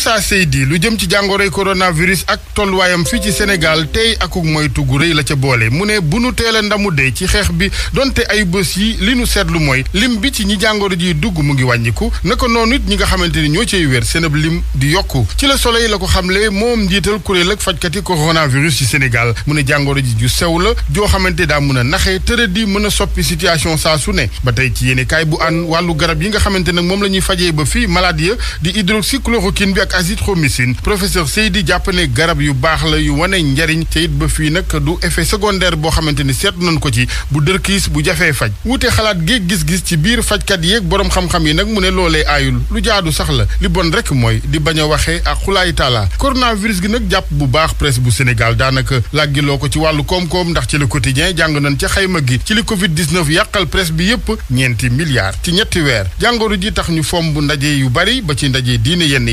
Moussa Seydi lu jëm ci jàngoro jàngoroy coronavirus ak tolluwaayam fii ci Sénégal tey akuk moytu gu rëy la ca boole mu ne bu nu teel ndamu dee ci xeex bi donte ay bés yi li nu seetlu mooy lim bi ci ñi jàngoro ji dugg mu ngi wàññiku naka noonu it ñi nga xamante ne ñoo cay wér seenab lim di yokk ci la Soleil la ko xamle moom njiital kuréel ak fajkati coronavirus ci Sénégal mu ne jàngoro ji ju sew la joo xamante daa mën a naxee tëra di mën a soppi situation saa su ne ba tey ci yéene bu an wàllu garab yi nga xamante nag moom la ñuy fajee ba fii malade ya di ak azithromycine professeur Seydi jàpp ne garab yu baax la yu wane njariñ te yit ba fii nag du effet secondaire boo xamante ni seet nañ ko ci bu dërkiis bu jafee faj wuute xalaat géeg gis-gis ci biir fajkat yeeg boroom xam-xam yi nag mu ne loolee aayul lu jaadu sax la li bon rek mooy di bañ a waxee ak xulaay taala coronavirus gi nag jàpp bu baax presse bu Sénégal daanaka làggiloo ko ci wàllu koom-koom ndax ci le quotidien jàng nañ ca xayma gi ci li Covid 19 yàqal presse bi yépp ñeenti milliards ci ñetti weer jàngoro ji tax ñu fomb ndaje yu bari ba ci ndaje diine yenn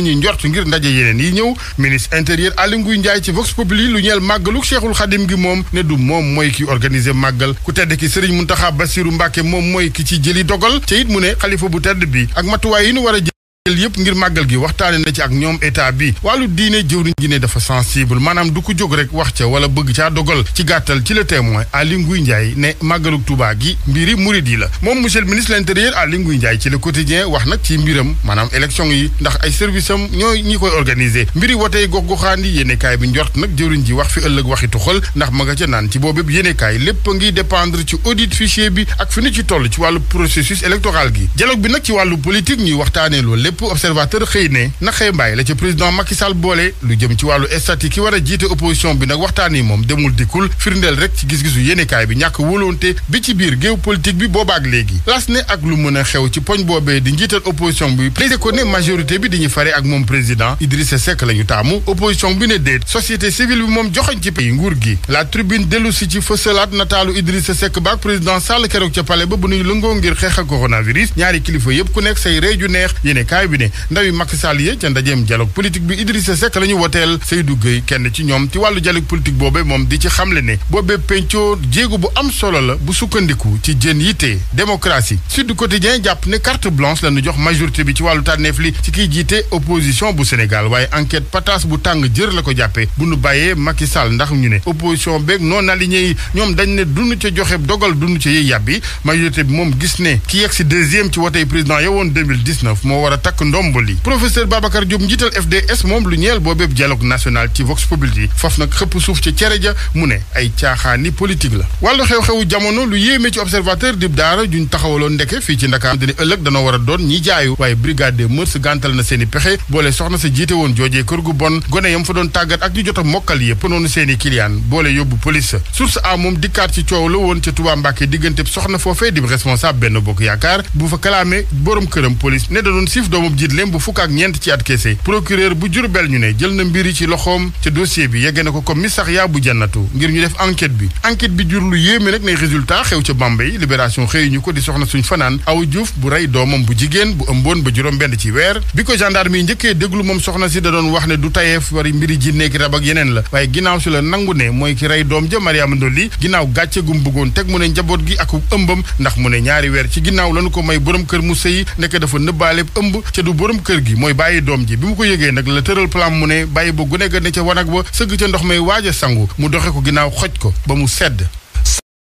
ñenn ñi njort ngir ndaje yeneen yi ñëw ministre intérieur Aly Ngouille Ndiaye ci Vox Populi lu ñeel màggalu Cheikhul Khadim gi moom ne du moom mooy ki organisé màggal ku tedd ki Serigne Mountakha Bassirou Mbacké moom mooy ki ci jëli dogal te it mu ne xalifa bu tedd bi ak matuwaay yi ñu war a l yëpp ngir màggal gi waxtaane na ci ak ñoom état bi wàllu diine jëwriñ ji ne dafa sensible maanaam du ko jóg rek wax ca wala bëgg caa dogal ci gàttal ci le témoin Aly Ngouille Ndiaye ne màggalu Tuubaa gi mbiri murid yi la moom monsieur le ministre l'intérieur Aly Ngouille Ndiaye ci le quotidien wax nag ci mbiram maanaam élection yi ndax ay service am ñooy ñi koy organiser mbiri wotey gox-goxaan yi yéenekaay bi njort nag jëwriñ ji wax fi ëllëg waxi tuxal ndax ma nga ca naan ci boobu yéenekaay lépp ngi dépendre ci audit fichier bi ak fi ñu ci toll ci wàllu processus électoral gi dialogue bi nag ci wàllu politique ñuy lépp observateur xëy ne naxee mbaay la ci président Macky boole lu jëm ci wàllu statut ki war a jiite opposition bi nag waxtaan yi moom demul dikkul firndeel rek ci gis-gisu yéenekaay bi ñàkk wóolonte bi ci biir géew politique bi boobaak léegi las ne ak lu mën a xew ci poñ boobee di njiital opposition bi président ko ne majorité bi dañuy fare ak moom président Idrissa Seck la ñu taamu opposition bi ne déet société civile bi moom joxañ ci pays nguur gi yéenekaay bi ne ndawi Macky yee ca ndajeem dialogue politique bi Idrissa Seck la ñu woteel Seydou Gueye kenn ci ñoom ci wàllu dialogue politique boobee moom di ci xamle ne boobee pencoo jéego bu am solo la bu sukkandiku ci jën yitte démocratie Sud Quotidien jàpp ne carte blanche la jox majorité bi ci wàllu tànneef li ci kiy jiite opposition bu Sénégal waaye enquête pataas bu tàng jër la ko jàppee bu nu bàyyee Macky ndax ñu ne opposition beeg non aligné yi ñoom dañ a takk takk ndomb li professeur Babacar Diop njiital FDS moom lu ñeel boobeeb dialogue national ci Vox Populi yi faf nag xëpp suuf ca cere ja mu ne ay caaxaani politique la wàllu xew-xewu jamono lu yéeme ci observateur dib daara juñ taxawaloon ndeke fii ci Ndakaar dina ëllëg danoo war a doon ñi jaayu waaye brigade des mœurs na seeni pexe boole soxna sa jiite woon joojee kër gu bon gone yam fa doon tàggat ak ñu jot a mokkal yëpp noonu seeni kiliyaan boole yóbbu police source moom dikkaat ci coow la woon ca Touba Mbàkke diggante soxna foofee dib responsable benn bokk yaakaar bu fa kalaame doomub jiit leen bu fukk ak ñeent ci at kese procureur bu Jurbel ñu ne jël na mbir yi ci loxoom ca dossier bi yegg na ko comme Missaxya bu jannatu ngir ñu def enquête bi enquête bi jur lu yéeme nag nay résultat xew ca Bambey libération xëy ñu ko di soxna suñu fanaan aw bu rey doomam bu jigéen bu ëmboon ba juróom benn ci weer bi ko gendarme yi njëkkee déglu moom soxna si da doon wax ne du tayeef wari mbiri jinne ki rab ak yeneen la waaye ginnaaw si la nangu ne mooy ki doom ja Mariama Ndolli ginnaaw gàcce bëggoon teg mu ne njaboot gi ak ëmbam ndax mu ne ñaari ci ginnaaw lañu ko may borom kër mu sëy nekk dafa nëbbaale ëmb ca du borom kër gi mooy bàyyi doom ji bi mu ko yëgee nag la tëral plan mu ne bàyyi ba gune ga ne ca wanag ba sëgg ca ndox may waaja a sangu mu doxe ko ginnaaw xoj ko ba mu sedd